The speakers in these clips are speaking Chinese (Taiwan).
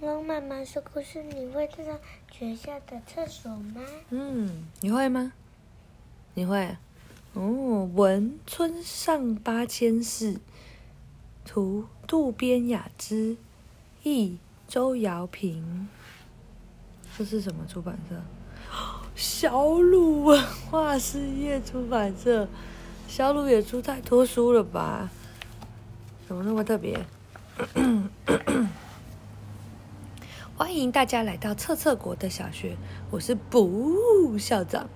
龍媽媽說故事，是是你會去上學校的廁所嗎？嗯，你會嗎？你會？哦，《文村上八千世》，圖渡邊雅之，易，周瑤平，這是什麼出版社？小魯文化事業出版社，小魯也出太多書了吧？怎麼那麼特別？咳咳咳咳歡迎大家來到廁廁國的小學，我是不校長。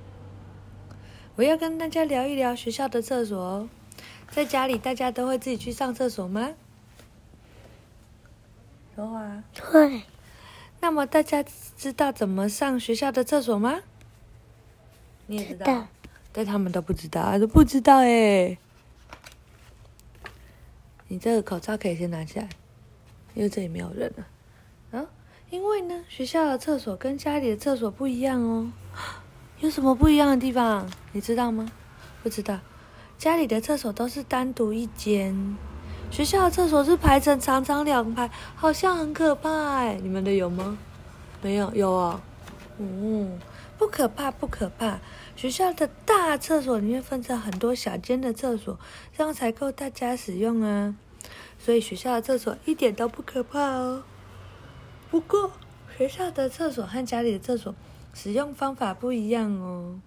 我要跟大家聊一聊學校的廁所，哦。在家裡，大家都會自己去上廁所嗎？有啊會。對。那麼大家知道怎麼上學校的廁所嗎？你也知道，知道但他們都不知道，說不知道哎。你這個口罩可以先拿起來，因為這裡沒有人了，啊。因為呢，學校的廁所跟家裡的廁所不一樣哦。有什麼不一樣的地方啊，你知道嗎？不知道。家裡的廁所都是單獨一間，學校的廁所是排成長長兩排，好像很可怕哎。你們的有嗎？沒有，有啊。嗯，嗯，不可怕，不可怕。學校的大廁所裡面分成很多小間的廁所，這樣才夠大家使用啊。所以學校的廁所一點都不可怕哦。不過學校的廁所和家裡的廁所使用方法不一樣哦。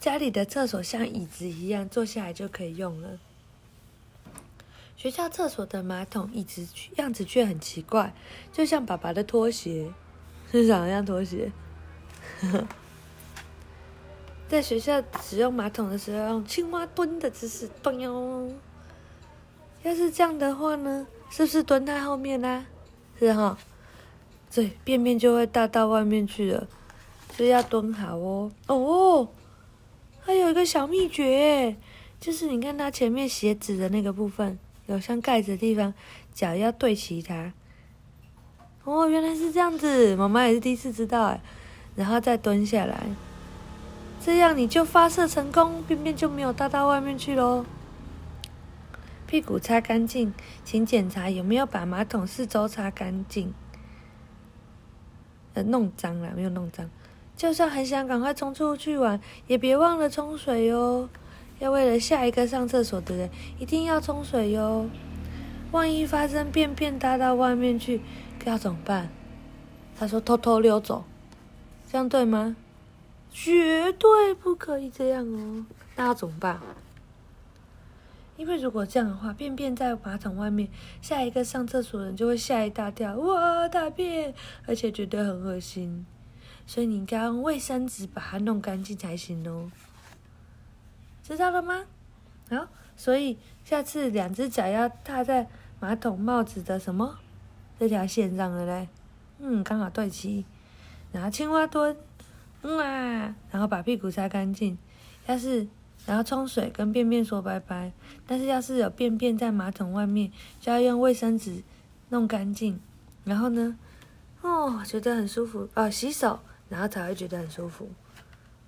家裡的廁所像椅子一樣，坐下來就可以用了。學校廁所的馬桶椅子樣子卻很奇怪，就像爸爸的拖鞋，是想要拖鞋。 在學校使用馬桶的時候，用青蛙蹲的姿勢蹲喲。要是這樣的話呢？是不是蹲太後面啦、啊？是哈、哦？對，便便就會搭到外面去了，所以要蹲好哦。哦，還有一個小秘訣，就是你看它前面鞋子的那個部分，有像蓋子的地方，腳要對齊它。哦，原來是這樣子，媽媽也是第一次知道哎。然後再蹲下來，這樣你就發射成功，便便就沒有搭到外面去嘍。屁股擦乾淨，請檢查有沒有把馬桶四周擦乾淨。弄髒了沒有弄髒？就算很想趕快衝出去玩，也別忘了沖水喲。要為了下一個上廁所的人，一定要沖水喲。萬一發生便便搭到外面去，要怎麼辦？他說偷偷溜走，這樣對嗎？絕對不可以這樣哦。那要怎麼辦？因為如果這樣的話，便便在馬桶外面，下一個上廁所的人就會嚇一大跳，哇，大便，而且覺得很噁心，所以你應該用衛生紙把它弄乾淨才行哦。知道了嗎？好，所以下次兩隻腳要踏在馬桶帽子的什麼這條線上了嘞，嗯，剛好對齊，然後青蛙蹲，嗯，啊，然後把屁股擦乾淨，要是。然後沖水，跟便便說拜拜，但是要是有便便在馬桶外面，就要用衛生紙弄乾淨。然後呢，哦，覺得很舒服哦，啊，洗手，然後才會覺得很舒服。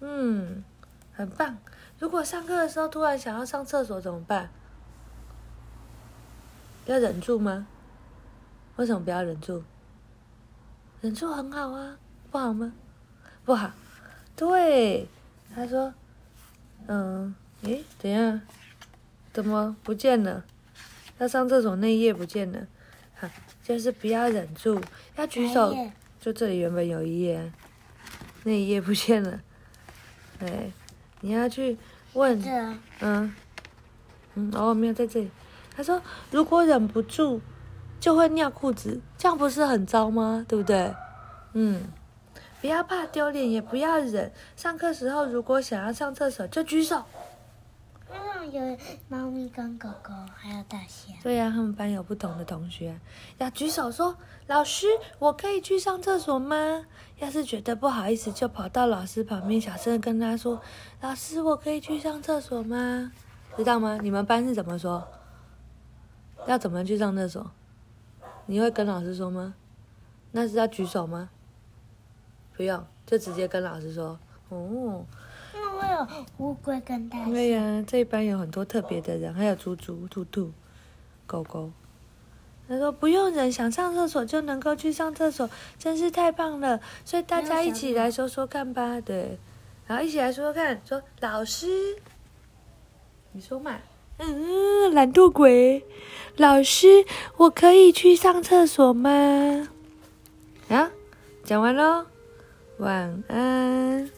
嗯，很棒。如果上課的時候突然想要上廁所怎麼辦？要忍住嗎？為什麼不要忍住？忍住很好啊，不好嗎？不好。對，他說。嗯，誒，等下，怎麼不見了？要上廁所那一頁不見了，哈、啊，就是不要忍住，要舉手。就這裡原本有一頁，那一頁不見了。對，你要去問。嗯，嗯，哦，沒有在這裡。他說，如果忍不住，就會尿褲子，這樣不是很糟嗎？對不對？嗯。不要怕丟臉，也不要忍。上課時候如果想要上廁所，就舉手。那有貓咪、跟狗狗，還有大象。對呀、啊，他們班有不同的同學，要舉手說：“老師，我可以去上廁所嗎？”要是覺得不好意思，就跑到老師旁邊，小聲跟他說：“老師，我可以去上廁所嗎？”知道嗎？你們班是怎麼說？要怎麼去上廁所？你會跟老師說嗎？那是要舉手嗎？不用，就直接跟老師說哦。那我有烏龜跟大象。對呀、啊，這一班有很多特別的人，還有豬豬、兔兔、狗狗。他說：“不用忍，想上廁所就能夠去上廁所，真是太棒了！”所以大家一起來說說看吧。對，然後一起來說說看，說老師，你說嘛？嗯嗯，懶惰鬼，老師，我可以去上廁所嗎？啊，講完囉。晚安。